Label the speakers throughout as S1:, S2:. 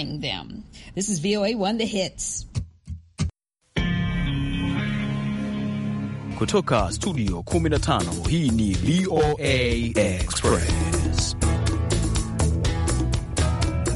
S1: buying them. This is voa One The Hits.
S2: Kutoka studio 15 hii ni VOA
S3: Express.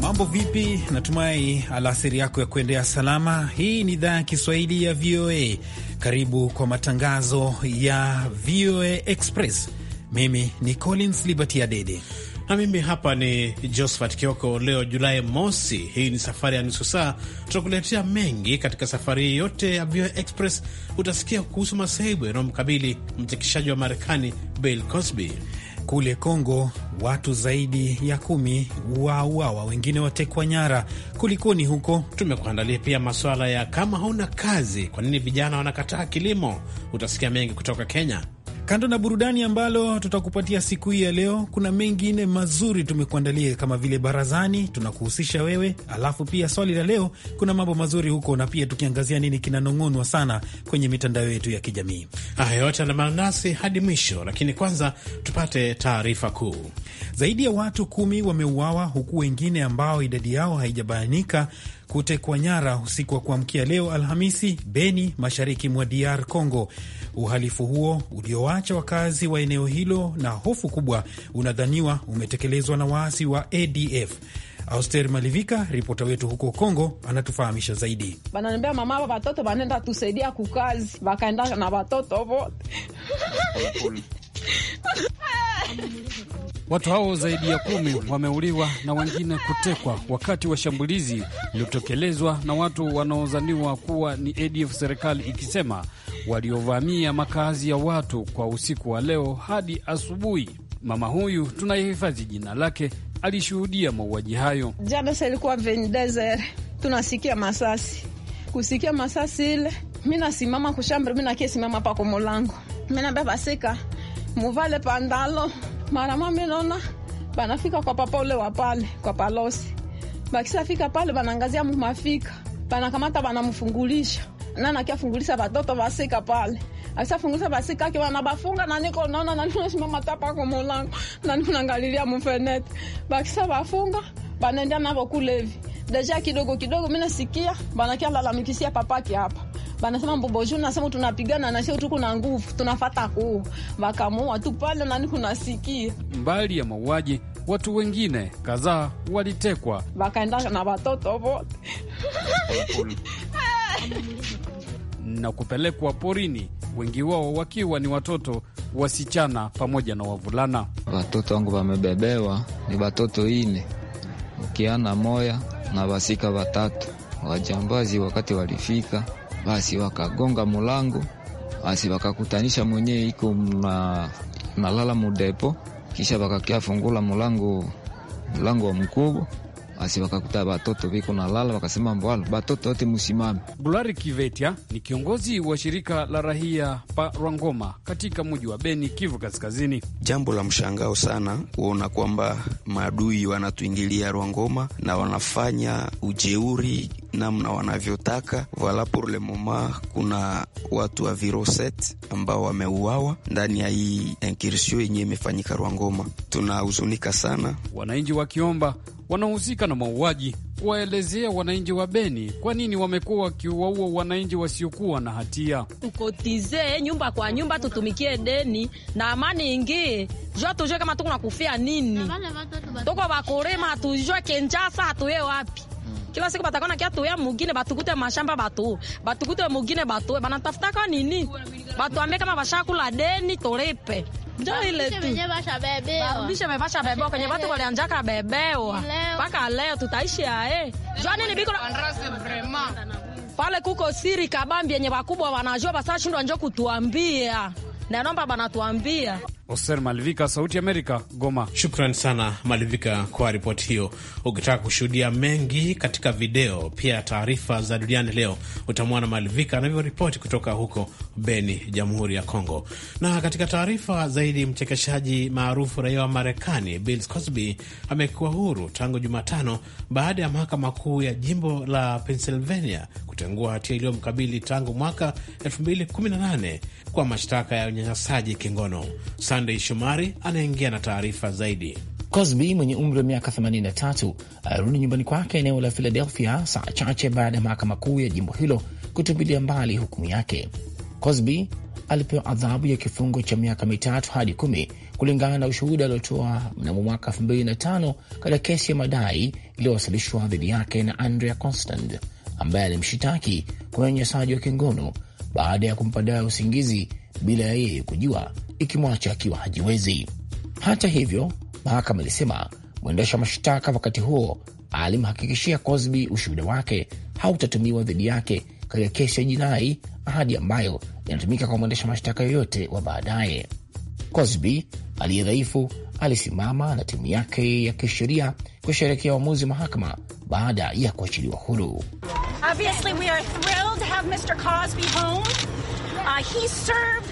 S4: Mambo vipi? Natumai alasiri yako ya kuendea salama. Hii ni idhaa ya Kiswahili ya VOA. Karibu kwa matangazo ya VOA Express. Mimi ni
S5: Collins Liberty Adede na mimi hapa ni Josephat Kioko. Leo Julai mosi, hii ni safari ya nusu saa. Tutakuletea mengi katika safari hii yote ya VOA Express. Utasikia kuhusu masaibu yanayomkabili mchekeshaji wa Marekani Bill Cosby.
S4: Kule Kongo watu zaidi ya kumi wauawa, wengine watekwa nyara.
S5: Kulikoni huko? Tumekuandalia pia masuala ya kama hauna kazi, kwa nini vijana wanakataa kilimo. Utasikia mengi kutoka Kenya.
S4: Kando na burudani ambalo tutakupatia siku hii ya leo, kuna mengine mazuri tumekuandalia kama vile barazani, tunakuhusisha wewe, alafu pia swali la leo, kuna mambo mazuri huko, na pia tukiangazia nini kinanong'onwa sana kwenye mitandao yetu ya kijamii. Haya yote andamana hadi mwisho, lakini kwanza tupate taarifa kuu. Zaidi ya watu kumi wameuawa huku wengine ambao idadi yao haijabainika kutekwa nyara usiku wa kuamkia leo Alhamisi, Beni, mashariki mwa DR Congo. Uhalifu huo uliowacha wakazi wa eneo hilo na hofu kubwa unadhaniwa umetekelezwa na waasi wa ADF. Auster Malivika, ripota wetu huko Kongo, anatufahamisha zaidi.
S6: Bananiambia mama, watoto wanaenda tusaidia kukazi, wakaenda na watoto vote
S2: Watu hao zaidi ya kumi wameuliwa na wengine kutekwa wakati wa shambulizi lililotekelezwa na watu wanaodhaniwa kuwa ni ADF, serikali ikisema waliovamia makazi ya watu kwa usiku wa leo hadi asubuhi. Mama huyu tunayehifadhi jina lake alishuhudia mauaji hayo
S6: jana. Ilikuwa tunasikia masasi, kusikia masasi ile, mi nasimama kushamba, mi nakia simama pako mulango, mi nabeba sika muvale pandalo. Marama minona banafika kwa papa ule wa pale kwa palosi, bakisafika pale banangazia mumafika, banakamata banamfungulisha na kia fungulisha batoto basika pale asa funguza basika kwa na bafunga na niko naona na niko simama tapa kwa mlango na niko ngalilia mfenete. bakisha bafunga banaenda nabo kulevi deja kidogo kidogo mimi nasikia banakia lalamikisia papake hapa banasema mbobojo nasema tunapigana na sio tuko na nguvu tunafata kuu bakamoa tu pale nani kunasikia.
S2: Mbali ya mauaji, watu wengine kadhaa walitekwa
S6: bakaenda na watoto
S7: wote
S2: na kupelekwa porini, wengi wao wakiwa ni watoto wasichana pamoja na wavulana.
S3: Watoto wangu wamebebewa ni watoto ine ukiana moya na wasika watatu wajambazi. Wakati walifika basi wakagonga mulango, basi wakakutanisha mwenye iko na nalala mudepo, kisha wakakia fungula mulango, mulango wa mkubwa basi wakakuta batoto viko na lala, wakasema mbwalo batoto wote musimame.
S2: Bulari Kivetya ni kiongozi wa shirika la rahia pa Rwangoma katika muji wa Beni, Kivu Kaskazini.
S3: Jambo la mshangao
S4: sana kuona kwamba maadui wanatuingilia Rwangoma na wanafanya ujeuri namna wanavyotaka. Voila pour le moment, kuna watu wa Viroset ambao wameuawa ndani ya hii inkirsio yenyewe imefanyika Rwangoma. Tunahuzunika sana,
S2: wananchi wakiomba wanaohusika na mauaji waelezea wananchi wa Beni kwa nini wamekuwa wakiwaua wananchi wasiokuwa na hatia.
S1: Tukotize nyumba kwa nyumba, tutumikie deni na amani ingie, jua tujue kama
S6: tuko nakufia nini, tuko wakorema, hatujue kenjasa, hatuye wapi kila siku batakona kia tuya mugine batukute mashamba batu batukute mugine batu banatafutaka nini, batuambie kama bashakula deni torepe ndio ile tu. Barubisha amepasha bebewa kwenye watu walianjaka bebewa. Mpaka leo tutaishi ae. Jua nini biko pale kuko siri kabambi yenye wakubwa wanajua basa shindwa njo kutuambia na naomba banatuambia.
S5: Oser Malivika, Sauti Amerika, Goma. Shukran sana Malivika kwa ripoti hiyo. Ukitaka kushuhudia mengi katika video pia taarifa za duniani leo, utamwona Malivika anavyoripoti kutoka huko Beni, Jamhuri ya Kongo. Na katika taarifa zaidi, mchekeshaji maarufu raia wa Marekani Bill Cosby amekuwa huru tangu Jumatano baada ya mahakama kuu ya jimbo la Pennsylvania kutengua hatia iliyomkabili tangu mwaka 2018 kwa mashtaka ya unyanyasaji kingono. Sandey Shomari anaingia na taarifa zaidi.
S7: Cosby mwenye umri wa miaka 83 alirudi nyumbani kwake eneo la Philadelphia saa chache baada ya mahakama kuu ya jimbo hilo kutupilia mbali hukumu yake. Cosby alipewa adhabu ya kifungo cha miaka mitatu hadi kumi kulingana na ushuhuda aliotoa mnamo mwaka 2005 katika kesi ya madai iliyowasilishwa dhidi yake na Andrea Constant ambaye alimshitaki kwa unyanyasaji wa kingono baada ya kumpa dawa ya usingizi bila ya yeye kujua, ikimwacha akiwa hajiwezi. Hata hivyo, mahakama ilisema mwendesha mashtaka wakati huo alimhakikishia Cosby ushuhuda wake hautatumiwa dhidi yake katika kesi ya jinai, ahadi ambayo inatumika kwa mwendesha mashtaka yoyote wa baadaye. Cosby aliye dhaifu alisimama na timu yake ya kisheria kusherekea uamuzi mahakama baada ya kuachiliwa huru.
S3: Obviously, we are thrilled to have Mr. Cosby home. Uh, he served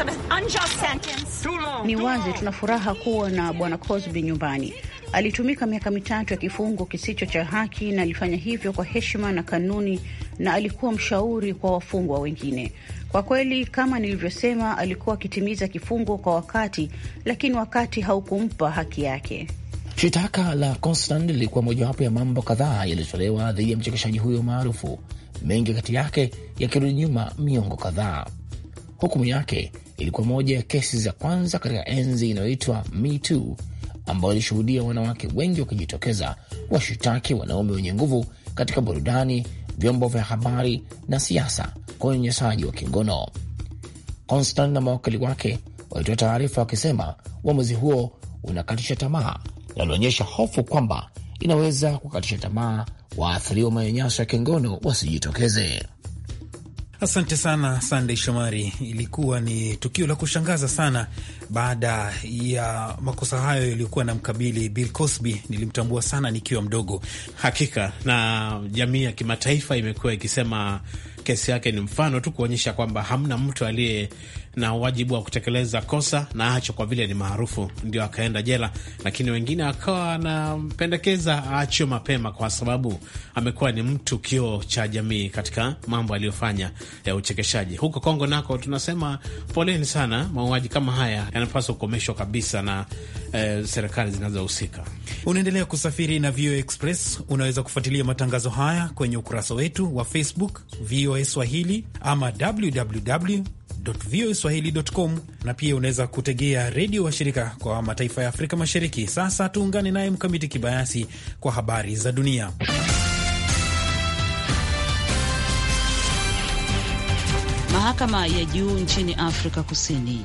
S3: Of an unjust sentence. Too long, ni wazi tuna
S1: furaha kuwa na bwana Cosby nyumbani. Alitumika miaka mitatu ya kifungo kisicho cha haki na alifanya hivyo kwa heshima na kanuni, na alikuwa mshauri kwa wafungwa wengine. Kwa kweli, kama nilivyosema, alikuwa akitimiza kifungo kwa wakati, lakini wakati haukumpa haki yake.
S7: Shitaka la Constant lilikuwa mojawapo ya mambo kadhaa yaliyotolewa dhidi ya mchekeshaji huyo maarufu, mengi kati yake yakirudi nyuma miongo kadhaa. Hukumu yake ilikuwa moja ya kesi za kwanza katika enzi inayoitwa Me Too ambayo ilishuhudia wanawake wengi wakijitokeza washitaki wanaume wenye nguvu katika burudani, vyombo vya habari na siasa kwa unyanyasaji wa kingono. Constant na mawakili wake walitoa taarifa wakisema uamuzi huo unakatisha tamaa linaloonyesha hofu kwamba inaweza kukatisha tamaa waathiriwa manyanyaso ya kingono wasijitokeze.
S4: Asante sana Sandey Shomari. Ilikuwa ni tukio la kushangaza sana baada ya makosa hayo yaliyokuwa na mkabili Bill Cosby. Nilimtambua sana nikiwa mdogo. Hakika
S5: na jamii ya kimataifa imekuwa ikisema kesi yake ni mfano tu kuonyesha kwamba hamna mtu aliye na wajibu wa kutekeleza kosa na acho kwa vile ni maarufu, ndio akaenda jela. Lakini wengine akawa anampendekeza aachwe mapema, kwa sababu amekuwa ni mtu kio cha jamii katika mambo aliyofanya ya uchekeshaji. Huko Kongo nako tunasema poleni sana, mauaji kama haya yanapaswa kukomeshwa kabisa na eh, serikali zinazohusika.
S4: Unaendelea kusafiri na VOA Express. Unaweza kufuatilia matangazo haya kwenye ukurasa wetu wa Facebook VOA Swahili ama www voaswahili.com, na pia unaweza kutegea redio wa shirika kwa mataifa ya Afrika Mashariki. Sasa tuungane naye Mkamiti Kibayasi kwa habari za dunia.
S1: Mahakama ya juu nchini Afrika Kusini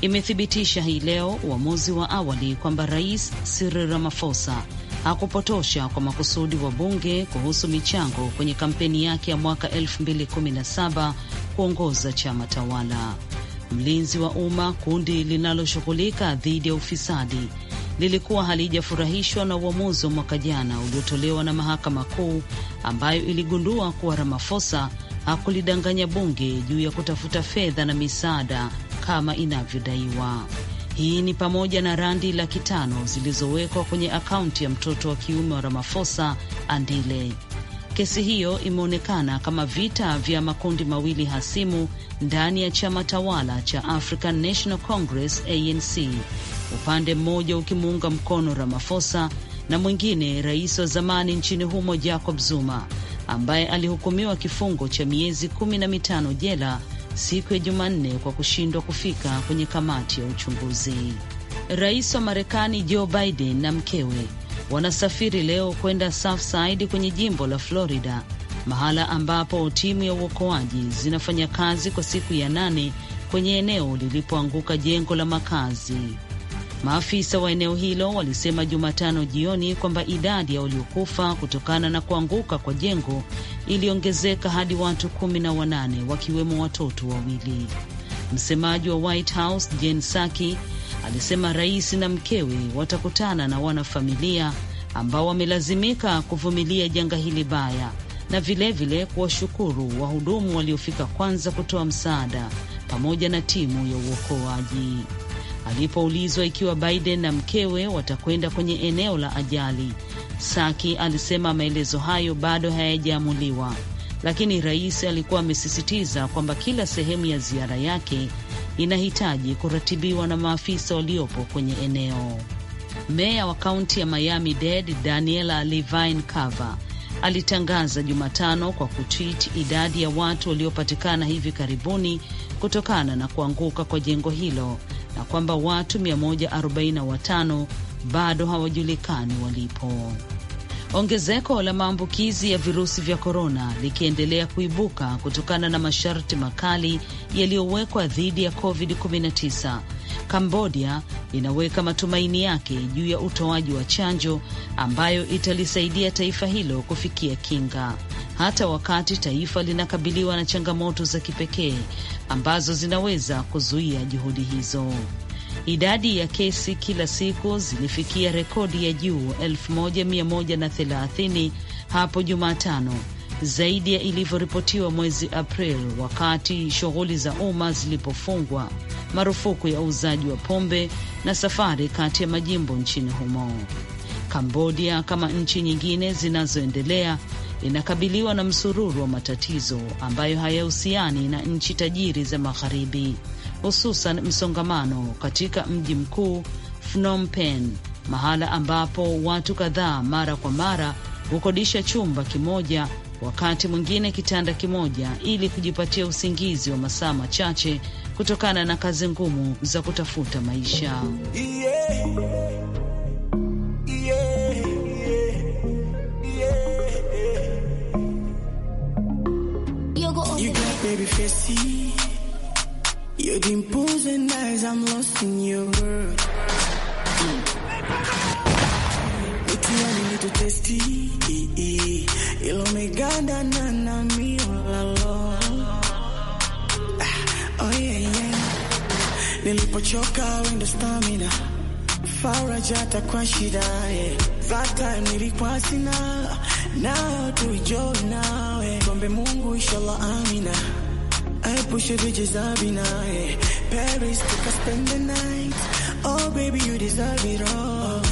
S1: imethibitisha hii leo uamuzi wa awali kwamba Rais Cyril Ramaphosa hakupotosha kwa makusudi wa bunge kuhusu michango kwenye kampeni yake ya mwaka 2017 kuongoza chama tawala. Mlinzi wa umma, kundi linaloshughulika dhidi ya ufisadi, lilikuwa halijafurahishwa na uamuzi wa mwaka jana uliotolewa na mahakama kuu ambayo iligundua kuwa ramafosa hakulidanganya bunge juu ya kutafuta fedha na misaada kama inavyodaiwa. Hii ni pamoja na randi laki tano zilizowekwa kwenye akaunti ya mtoto wa kiume wa ramafosa Andile. Kesi hiyo imeonekana kama vita vya makundi mawili hasimu ndani ya chama tawala cha African National Congress ANC, upande mmoja ukimuunga mkono Ramaphosa na mwingine rais wa zamani nchini humo Jacob Zuma ambaye alihukumiwa kifungo cha miezi kumi na mitano jela siku ya Jumanne kwa kushindwa kufika kwenye kamati ya uchunguzi. Rais wa Marekani Joe Biden na mkewe wanasafiri leo kwenda Surfside kwenye jimbo la Florida, mahala ambapo timu ya uokoaji zinafanya kazi kwa siku ya nane kwenye eneo lilipoanguka jengo la makazi. Maafisa wa eneo hilo walisema Jumatano jioni kwamba idadi ya waliokufa kutokana na kuanguka kwa jengo iliongezeka hadi watu kumi na wanane wakiwemo watoto wawili. Msemaji wa White House Jen Psaki alisema rais na mkewe watakutana na wanafamilia ambao wamelazimika kuvumilia janga hili baya na vilevile kuwashukuru wahudumu waliofika kwanza kutoa msaada pamoja na timu ya uokoaji. Alipoulizwa ikiwa Biden na mkewe watakwenda kwenye eneo la ajali, Saki alisema maelezo hayo bado hayajaamuliwa, lakini rais alikuwa amesisitiza kwamba kila sehemu ya ziara yake inahitaji kuratibiwa na maafisa waliopo kwenye eneo. Meya wa kaunti ya Miami Dade Daniela Levine Cava alitangaza Jumatano kwa kutwit idadi ya watu waliopatikana hivi karibuni kutokana na kuanguka kwa jengo hilo na kwamba watu 145 bado hawajulikani walipo ongezeko la maambukizi ya virusi vya korona likiendelea kuibuka kutokana na masharti makali yaliyowekwa dhidi ya COVID-19. Kambodia inaweka matumaini yake juu ya utoaji wa chanjo ambayo italisaidia taifa hilo kufikia kinga, hata wakati taifa linakabiliwa na changamoto za kipekee ambazo zinaweza kuzuia juhudi hizo. Idadi ya kesi kila siku zilifikia rekodi ya juu 1130 hapo Jumatano, zaidi ya ilivyoripotiwa mwezi April wakati shughuli za umma zilipofungwa, marufuku ya uuzaji wa pombe na safari kati ya majimbo nchini humo. Kambodia kama nchi nyingine zinazoendelea inakabiliwa na msururu wa matatizo ambayo hayahusiani na nchi tajiri za magharibi hususan msongamano katika mji mkuu Phnom Penh, mahala ambapo watu kadhaa mara kwa mara hukodisha chumba kimoja, wakati mwingine kitanda kimoja, ili kujipatia usingizi wa masaa machache kutokana na kazi ngumu za kutafuta maisha.
S3: Yeah. Yeah. Yeah.
S7: Yeah. You've been posing eyes, I'm lost in your world. Little testy, eh, eh. ilomeganda na na mi olalo. Ah, oh yeah yeah, nilipochoka wendo stamina, farajata kwa shida yeah. That time nilikuwa sina, now tuijo nawe, eh. kombe Mungu inshallah amina push your bitches up in high. Paris, take us spend the night. Oh, baby, you deserve it all.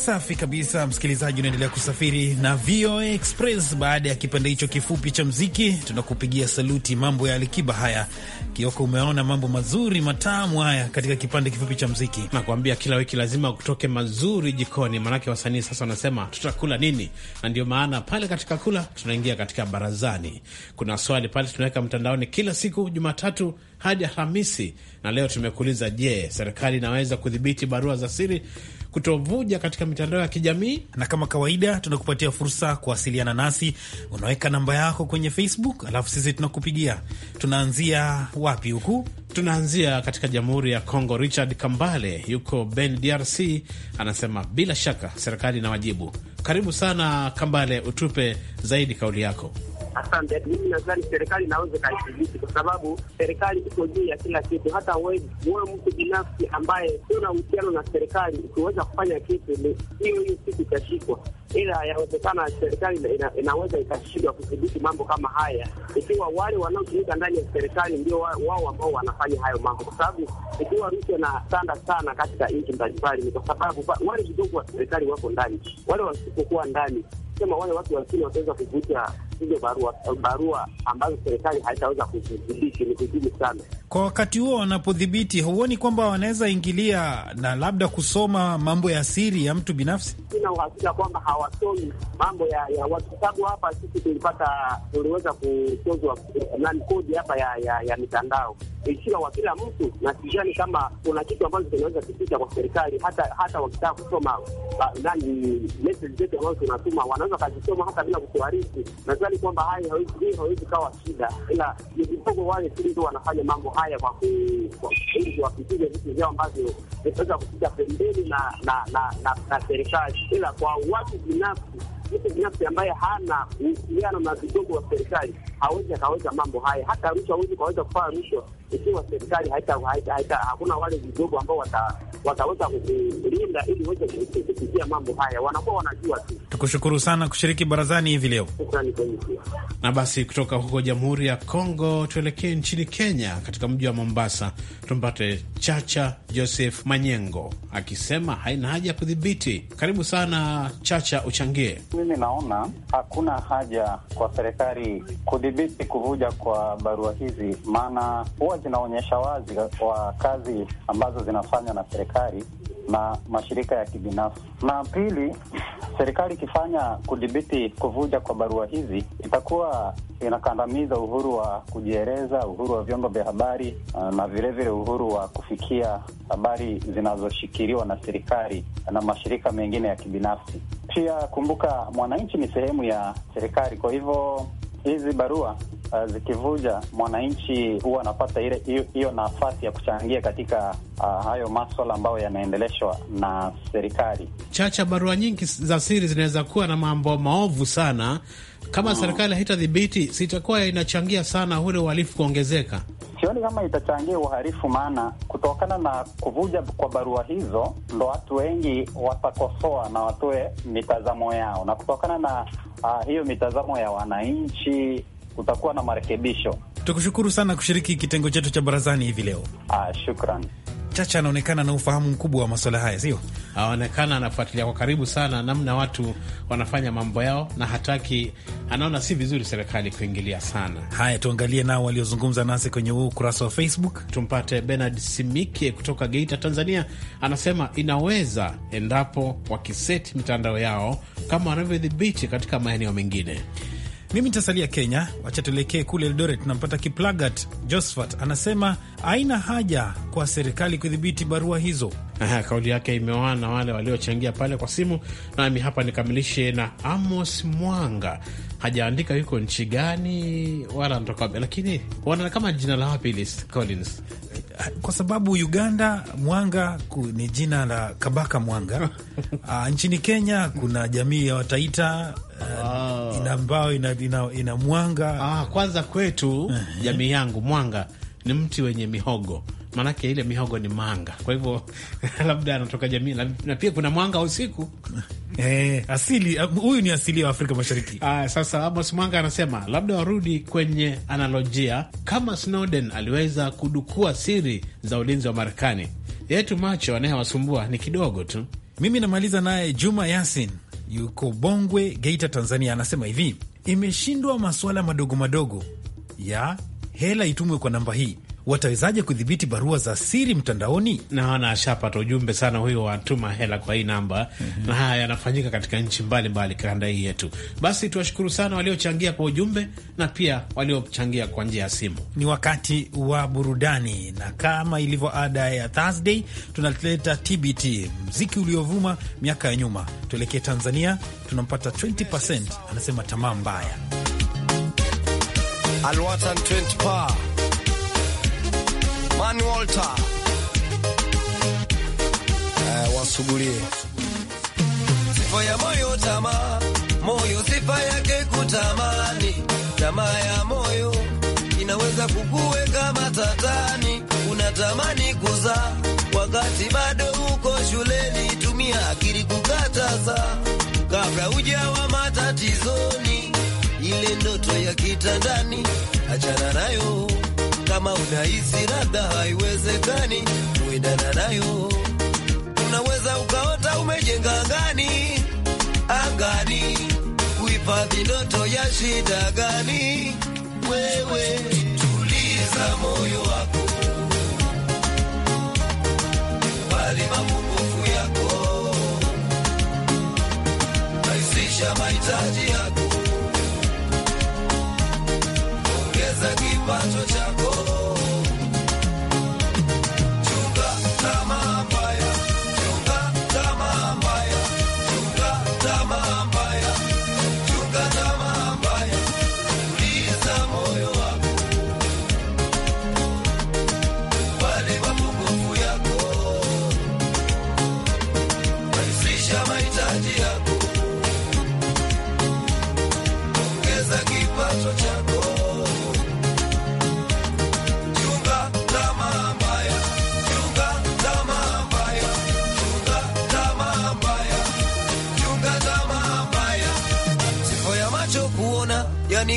S4: Safi kabisa, msikilizaji, unaendelea kusafiri na VOA Express. Baada ya kipande hicho kifupi cha mziki, tunakupigia saluti. Mambo ya Alikiba haya,
S5: Kioko, umeona mambo mazuri matamu haya katika kipande kifupi cha mziki. Nakuambia kila wiki lazima kutoke mazuri jikoni, maanake wasanii sasa wanasema tutakula nini, na ndio maana pale katika kula tunaingia katika barazani. Kuna swali pale tunaweka mtandaoni kila siku Jumatatu hadi Alhamisi, na leo tumekuuliza, je, serikali inaweza kudhibiti barua za siri kutovuja katika mitandao ya kijamii. Na kama kawaida, tunakupatia fursa kuwasiliana
S4: nasi. Unaweka namba yako kwenye Facebook alafu sisi tunakupigia. Tunaanzia
S5: wapi huku? Tunaanzia katika Jamhuri ya Kongo. Richard Kambale yuko Beni, DRC, anasema bila shaka serikali ina wajibu. Karibu sana Kambale, utupe zaidi kauli yako.
S8: Asante. Mimi nadhani serikali inaweza kaidhibiti, kwa sababu serikali iko juu ya kila kitu. Hata wewe mtu binafsi ambaye una uhusiano na serikali ukiweza kufanya kitu, hiyo hiyo siku itashikwa ila yawezekana serikali ina, inaweza ikashindwa kudhibiti mambo kama haya ikiwa wale wanaotumika ndani ya serikali ndio wao ambao wanafanya hayo mambo, kwa sababu ikiwa rushwa na sanda sana katika nchi mbalimbali, ni kwa sababu wale vidogo wa serikali wako ndani, wale wasipokuwa ndani kusema wale watu wengine wataweza kuvuta hizo barua, barua ambazo serikali haitaweza kuzidhibiti. Ni
S4: vigumu sana kwa wakati huo wanapodhibiti. Huoni kwamba wanaweza ingilia na labda kusoma mambo ya siri ya mtu binafsi? Sina uhakika kwamba hawasomi mambo ya, ya watu,
S8: sababu hapa sisi tulipata tuliweza kutozwa eh, nani kodi hapa ya, ya, ya mitandao heshima wa kila mtu, na sidhani kama kuna kitu ambacho kinaweza kupita kwa serikali. Hata hata wakitaka kusoma nani message zetu ambazo tunatuma, wanaweza kazisoma hata bila kutuarifu. Nadhani kwamba haya hawezi hii hawezi kawa shida, ila ni kidogo wale tu ndio wanafanya mambo haya kwa kuwapitia vitu vyao ambavyo vinaweza kupita pembeni na na na na serikali, ila kwa watu binafsi mtu binafsi ambaye hana uhusiano na vigogo wa serikali hawezi akaweza mambo haya. Hata rushwa hawezi kaweza kufanya rushwa ikiwa serikali haita, hakuna wale vidogo ambao wata wataweza kulinda ili weze kupitia mambo haya, wanakuwa wanajua tu.
S5: Tukushukuru sana kushiriki barazani hivi leo, na basi kutoka huko Jamhuri ya Kongo tuelekee nchini Kenya, katika mji wa Mombasa tumpate Chacha Joseph Manyengo akisema haina haja ya kudhibiti. Karibu sana Chacha, uchangie.
S9: Mimi naona hakuna haja kwa serikali kudhibiti kuvuja kwa barua hizi, maana huwa zinaonyesha wazi kwa kazi ambazo zinafanywa na serikali na mashirika ya kibinafsi. Na pili, serikali ikifanya kudhibiti kuvuja kwa barua hizi itakuwa inakandamiza uhuru wa kujieleza, uhuru wa vyombo vya habari eh, na vilevile uhuru wa kufikia habari zinazoshikiliwa na serikali na mashirika mengine ya kibinafsi. Pia kumbuka, mwananchi ni sehemu ya serikali, kwa hivyo hizi barua uh, zikivuja, mwananchi huwa anapata hiyo nafasi ya kuchangia katika uh, hayo maswala ambayo yanaendeleshwa
S5: na serikali. Chacha, barua nyingi za siri zinaweza kuwa na mambo maovu sana kama serikali serikali haitadhibiti sitakuwa inachangia sana ule uhalifu kuongezeka.
S9: Sioni kama itachangia uhalifu, maana kutokana na kuvuja kwa barua hizo ndo watu wengi watakosoa na watoe mitazamo yao, na kutokana na uh, hiyo mitazamo ya wananchi kutakuwa na marekebisho.
S4: Tukushukuru sana kushiriki
S5: kitengo chetu cha barazani hivi leo. Ah, shukran. Chacha anaonekana na ufahamu mkubwa wa masuala haya, sio? aonekana anafuatilia kwa karibu sana namna watu wanafanya mambo yao, na hataki, anaona si vizuri serikali kuingilia sana. Haya, tuangalie nao waliozungumza nasi kwenye huu ukurasa wa Facebook. Tumpate Bernard Simike kutoka Geita, Tanzania. Anasema inaweza endapo wakiseti mitandao yao kama wanavyodhibiti katika maeneo mengine mimi nitasalia Kenya, wacha tuelekee kule Eldoret. Tunampata Kiplagat Josphat,
S4: anasema haina haja kwa serikali kudhibiti barua hizo.
S5: Aha, kauli yake imeoana na wale waliochangia pale kwa simu. Nami hapa nikamilishe na Amos Mwanga hajaandika yuko nchi gani wala anatoka wapi, lakini wanaona kama jina la wapi Collins,
S4: kwa sababu Uganda Mwanga ni jina la Kabaka Mwanga. Uh, nchini Kenya kuna jamii ya Wataita uh,
S5: ina ambayo ina, ina, ina Mwanga. Ah, kwanza kwetu eh. jamii yangu Mwanga ni mti wenye mihogo maanake ile mihogo ni manga, kwa hivyo labda anatoka jamii na pia kuna mwanga wa usiku eh, asili eh, huyu ni asili ya Afrika Mashariki. Ah, sasa Amos Mwanga anasema labda warudi kwenye analojia kama Snowden aliweza kudukua siri za ulinzi wa Marekani yetu, macho anayewasumbua ni kidogo tu. Mimi namaliza naye Juma Yasin yuko Bongwe, Geita, Tanzania, anasema
S4: hivi imeshindwa masuala madogo madogo ya hela itumwe kwa namba hii
S5: watawezaje kudhibiti barua za siri mtandaoni? Naona ashapata ujumbe sana huyo, watuma hela kwa hii namba mm -hmm. na haya yanafanyika katika nchi mbalimbali kanda hii yetu. Basi tuwashukuru sana waliochangia kwa ujumbe na pia waliochangia kwa njia ya simu. Ni wakati
S4: wa burudani, na kama ilivyo ada ya Thursday tunaleta TBT, mziki uliovuma miaka ya nyuma. Tuelekee Tanzania, tunampata 20% anasema
S3: tamaa mbaya Alwatan 20 pa Man Walter eh, wasugulie sifa ya moyo tamaa, moyo sifa yake kutamani. Tamaa ya moyo inaweza kukuweka matatani. Unatamani kuzaa wakati bado uko shuleni, tumia akili kukataza kabla hujawa matatizoni. Ile ndoto ya kitandani achana nayo kama unahisi radha haiwezekani, uendana nayo. Unaweza ukaota umejenga gani angani, kuhifadhi ndoto ya shida gani? Wewe tuliza moyo wako, bali mapungufu yako, rahisisha mahitaji yako, ongeza kipato chako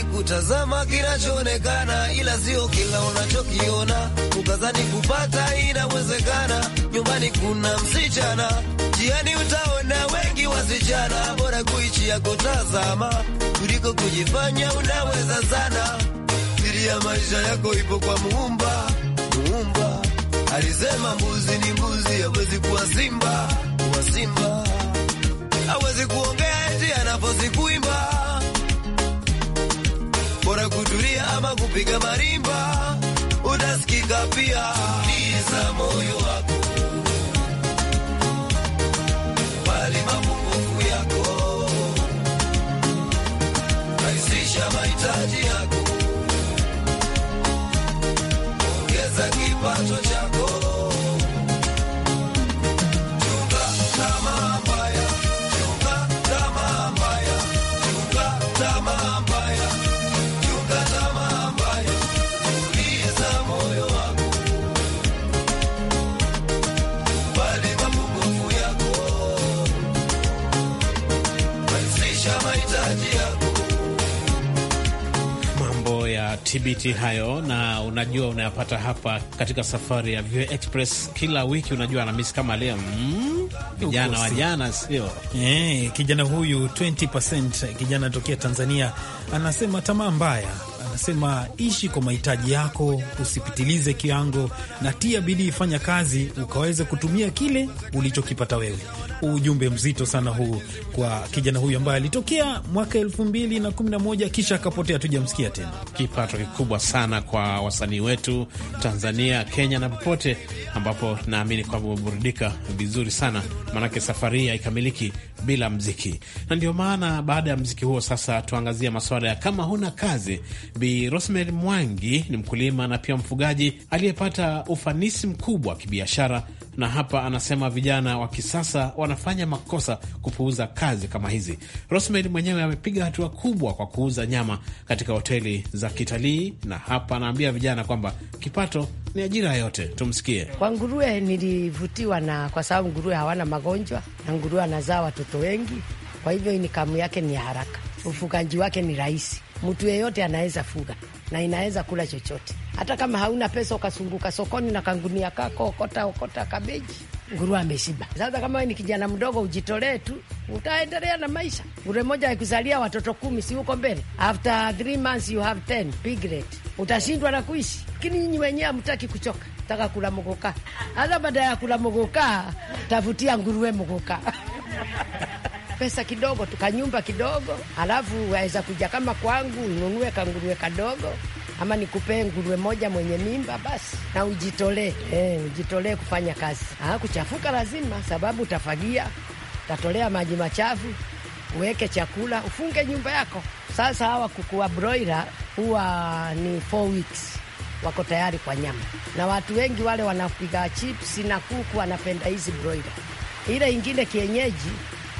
S3: kutazama kinachoonekana, ila sio kila unachokiona. Ukazani kupata inawezekana. Nyumbani kuna msichana, jiani utaona wengi wasichana. Bora kuichi ya kutazama kuliko kujifanya unaweza sana. Siri ya maisha yako ipo kwa Muumba. Muumba alisema mbuzi ni mbuzi, hawezi kuwa simba, kuwa simba hawezi kuongea eti anavozikuimba bora kutulia ama kupiga marimba, utasikika pia. Tuliza moyo
S5: kudhibiti hayo, na unajua unayapata hapa katika safari ya Vue Express kila wiki. Unajua namisi kama leo hmm? vijana wa jana, sio
S4: eh? Kijana huyu 20% kijana tokea Tanzania anasema tamaa mbaya Anasema ishi kwa mahitaji yako, usipitilize kiango na tia bidii, fanya kazi ukaweze kutumia kile ulichokipata wewe ujumbe mzito sana huu kwa kijana huyu ambaye alitokea mwaka elfu mbili na kumi na moja kisha akapotea, tujamsikia tena.
S5: Kipato kikubwa sana kwa wasanii wetu Tanzania, Kenya na popote ambapo naamini kwamba umeburudika vizuri sana, maanake safari haikamiliki bila mziki, na ndio maana baada ya mziki huo sasa tuangazie masuala ya kama huna kazi. Bi Rosemary Mwangi ni mkulima na pia mfugaji aliyepata ufanisi mkubwa wa kibiashara na hapa anasema vijana wa kisasa wanafanya makosa kupuuza kazi kama hizi. Rosemary mwenyewe amepiga hatua kubwa kwa kuuza nyama katika hoteli za kitalii, na hapa anaambia vijana kwamba kipato ni ajira yote. Tumsikie.
S6: Kwa nguruwe nilivutiwa na, kwa sababu nguruwe hawana magonjwa na nguruwe anazaa watoto wengi, kwa hivyo kamu yake ni ya haraka, ufugaji wake ni rahisi mtu yeyote anaweza fuga na inaweza kula chochote. Hata kama hauna pesa, ukasunguka sokoni na kangunia kako, okota okota kabeji, nguruwe ameshiba. Sasa kama we ni kijana mdogo, ujitolee tu, utaendelea na maisha. Nguruwe moja ikuzalia watoto kumi, si huko mbele? After three months you have ten piglet. Utashindwa na kuishi, lakini nyinyi wenyewe hamtaki kuchoka, taka kula mogoka. Hata baada ya kula mogoka, tafutia nguruwe mogoka pesa kidogo tukanyumba kidogo, alafu waweza kuja kama kwangu nunue kangurue kadogo ama nikupee nguruwe moja mwenye mimba basi, na ujitolee eh, ujitolee kufanya kazi. Ah, kuchafuka lazima, sababu utafagia, utatolea maji machafu, uweke chakula, ufunge nyumba yako. Sasa hawa kuku wa broiler huwa ni four weeks wako tayari kwa nyama, na watu wengi wale wanapiga chips na kuku wanapenda hizi broiler. Ile ingine kienyeji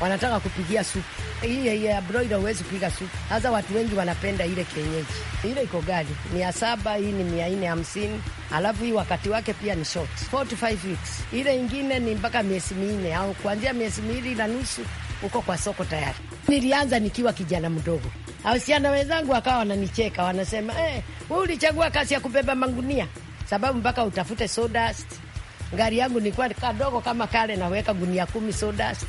S6: wanataka kupigia supu. Hii ya yeah, broiler huwezi kupiga supu. Sasa watu wengi wanapenda ile kienyeji, ile iko gari mia saba, hii ni mia nne hamsini. Alafu hii wakati wake pia ni short four weeks, ile ingine ni mpaka miezi minne au kuanzia miezi miwili na nusu huko kwa soko tayari. Nilianza nikiwa kijana mdogo, wasichana wenzangu wakawa wananicheka, wanasema hey, eh, wewe ulichagua kazi ya kubeba mangunia sababu mpaka utafute sawdust. Gari yangu nilikuwa kadogo kama kale, naweka gunia kumi sawdust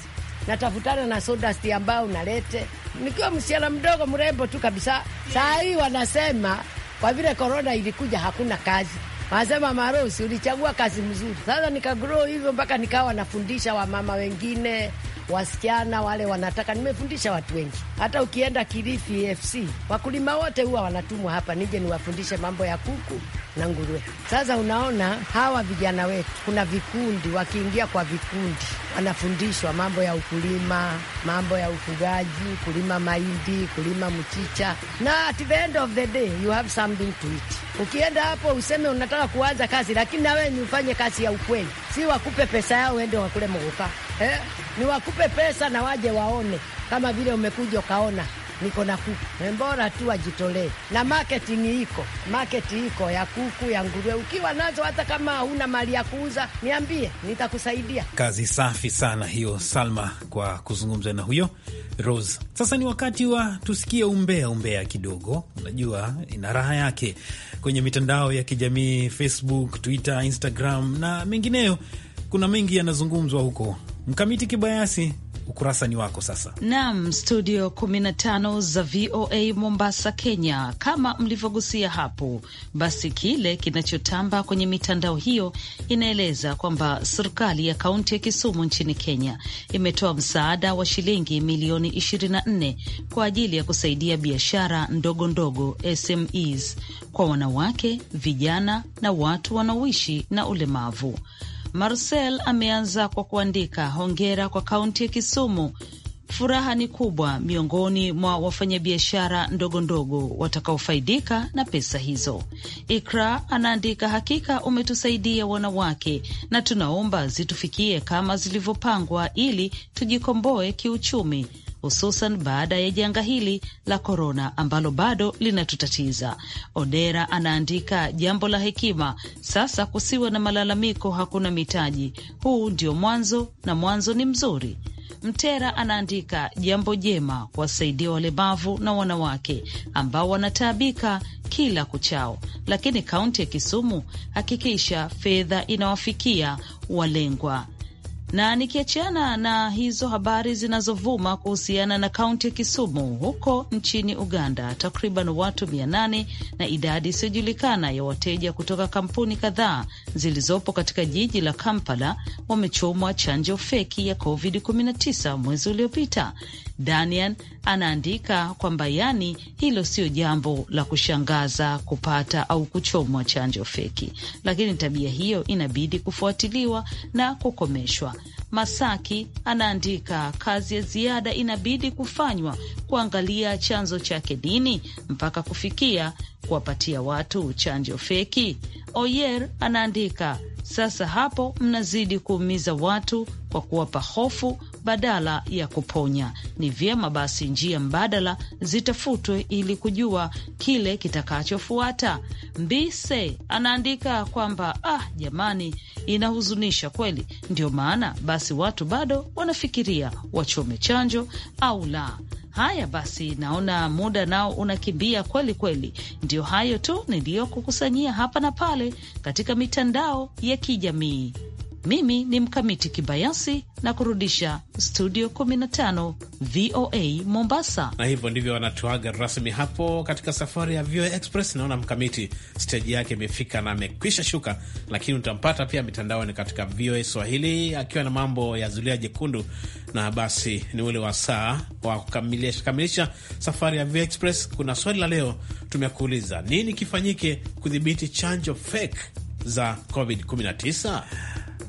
S6: natafutana na sodasti ambao unalete nikiwa msichana mdogo mrembo tu kabisa. Saa hii wanasema kwa vile korona ilikuja hakuna kazi, wanasema Marosi, ulichagua kazi mzuri. Sasa nikagrow hivyo mpaka nikawa nafundisha wamama wengine wasichana wale wanataka. Nimefundisha watu wengi, hata ukienda Kilifi FC wakulima wote huwa wanatumwa hapa, nije niwafundishe mambo ya kuku na nguruwe. Sasa unaona hawa vijana wetu, kuna vikundi, wakiingia kwa vikundi wanafundishwa mambo ya ukulima, mambo ya ufugaji, kulima mahindi, kulima mchicha, na at the end of the day you have something to eat. Ukienda hapo useme unataka kuanza kazi, lakini nawe ni ufanye kazi ya ukweli, si wakupe pesa yao uende wakule mogoka eh? ni wakupe pesa na waje waone, kama vile umekuja ukaona niko na kuku. Mbora tu wajitolee, na marketing iko, marketing iko ya kuku ya nguruwe. Ukiwa nazo hata kama huna mali ya kuuza, niambie, nitakusaidia.
S4: Kazi safi sana hiyo, Salma, kwa kuzungumza na huyo Rose. Sasa ni wakati wa tusikie umbea, umbea kidogo. Unajua ina raha yake kwenye mitandao ya kijamii, Facebook, Twitter, Instagram na mengineyo kuna mengi yanazungumzwa huko. Mkamiti Kibayasi, ukurasa ni wako sasa.
S1: Naam, studio 15 za VOA Mombasa, Kenya. Kama mlivyogusia hapo, basi kile kinachotamba kwenye mitandao hiyo inaeleza kwamba serikali ya kaunti ya Kisumu nchini Kenya imetoa msaada wa shilingi milioni 24 kwa ajili ya kusaidia biashara ndogo ndogo SMEs kwa wanawake, vijana na watu wanaoishi na ulemavu. Marcel ameanza kwa kuandika hongera kwa kaunti ya Kisumu. Furaha ni kubwa miongoni mwa wafanyabiashara ndogo ndogo watakaofaidika na pesa hizo. Ikra anaandika, hakika umetusaidia wanawake, na tunaomba zitufikie kama zilivyopangwa, ili tujikomboe kiuchumi hususan baada ya janga hili la korona ambalo bado linatutatiza. Odera anaandika jambo la hekima, sasa kusiwa na malalamiko, hakuna mitaji. Huu ndio mwanzo na mwanzo ni mzuri. Mtera anaandika jambo jema, kuwasaidia walemavu na wanawake ambao wanataabika kila kuchao, lakini kaunti ya Kisumu hakikisha fedha inawafikia walengwa. Na nikiachiana na hizo habari zinazovuma kuhusiana na kaunti ya Kisumu huko nchini Uganda, takriban watu mia nane na idadi isiyojulikana ya wateja kutoka kampuni kadhaa zilizopo katika jiji la Kampala wamechomwa chanjo feki ya COVID-19 mwezi uliopita. Daniel anaandika kwamba yani, hilo sio jambo la kushangaza kupata au kuchomwa chanjo feki, lakini tabia hiyo inabidi kufuatiliwa na kukomeshwa. Masaki anaandika kazi ya ziada inabidi kufanywa kuangalia chanzo chake dini mpaka kufikia kuwapatia watu chanjo feki. Oyer anaandika sasa hapo mnazidi kuumiza watu kwa kuwapa hofu badala ya kuponya. Ni vyema basi njia mbadala zitafutwe ili kujua kile kitakachofuata. Mbise anaandika kwamba ah, jamani, inahuzunisha kweli. Ndio maana basi watu bado wanafikiria wachome chanjo au la. Haya basi, naona muda nao unakimbia kweli kweli. ndio hayo tu niliyokukusanyia hapa na pale katika mitandao ya kijamii. Mimi ni Mkamiti Kibayasi na kurudisha studio 15 VOA Mombasa.
S5: Na hivyo ndivyo wanatuaga rasmi hapo katika safari ya VOA Express. Naona Mkamiti steji yake imefika na amekwisha shuka, lakini utampata pia mitandaoni katika VOA Swahili akiwa na mambo ya zulia jekundu. Na basi ni ule wa saa wa kukamilisha kamilisha safari ya VOA Express. Kuna swali la leo tumekuuliza, nini kifanyike kudhibiti chanjo fake za COVID-19?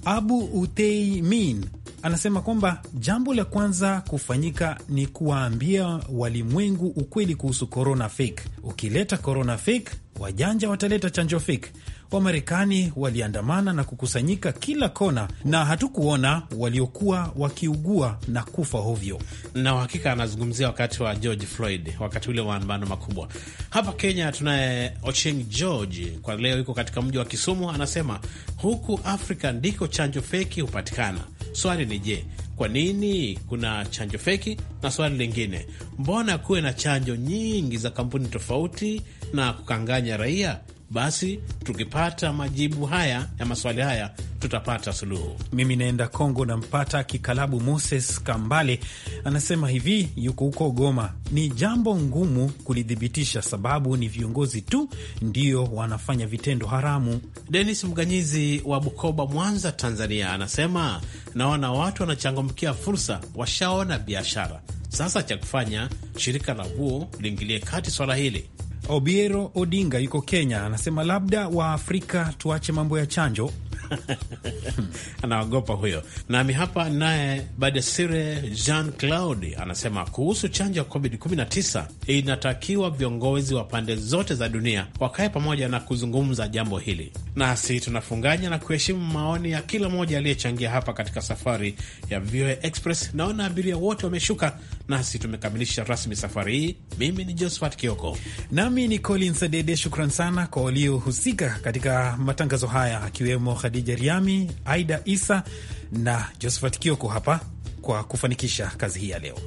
S5: Abu Utheimin anasema kwamba
S4: jambo la kwanza kufanyika ni kuwaambia walimwengu ukweli kuhusu corona fake. Ukileta corona fake, wajanja wataleta chanjo fake. Wamarekani waliandamana na kukusanyika kila kona, na hatukuona waliokuwa wakiugua
S5: na kufa hovyo. Na uhakika anazungumzia wakati wa George Floyd, wakati ule wa maandamano makubwa hapa Kenya. Tunaye Ocheng George, kwa leo yuko katika mji wa Kisumu. Anasema huku Afrika ndiko chanjo feki hupatikana. Swali ni je, kwa nini kuna chanjo feki? Na swali lingine, mbona kuwe na chanjo nyingi za kampuni tofauti na kukanganya raia? Basi tukipata majibu haya ya maswali haya tutapata suluhu. Mimi naenda Kongo, nampata Kikalabu
S4: Moses Kambale, anasema hivi, yuko huko Goma. Ni jambo ngumu
S5: kulithibitisha, sababu ni viongozi tu ndio wanafanya vitendo haramu. Denis Mganyizi wa Bukoba, Mwanza, Tanzania, anasema naona watu wanachangamkia fursa, washaona biashara. Sasa cha kufanya, shirika la nguo liingilie kati swala hili
S4: Obiero Odinga yuko Kenya, anasema labda Waafrika tuache mambo ya chanjo
S5: anaogopa huyo. Nami hapa naye Badesire Jean Claude anasema kuhusu chanjo ya COVID-19, inatakiwa viongozi wa pande zote za dunia wakae pamoja na kuzungumza jambo hili, nasi tunafunganya na kuheshimu maoni ya kila mmoja aliyechangia hapa katika safari ya VOA Express. Naona abiria wote wameshuka, nasi tumekamilisha rasmi safari hii. Mimi ni Josephat Kioko nami ni Colin Sadede. Shukran sana kwa waliohusika katika matangazo
S4: haya akiwemo Khadija Riami, Aida Isa na Josephat Kioko hapa kwa kufanikisha kazi hii ya leo.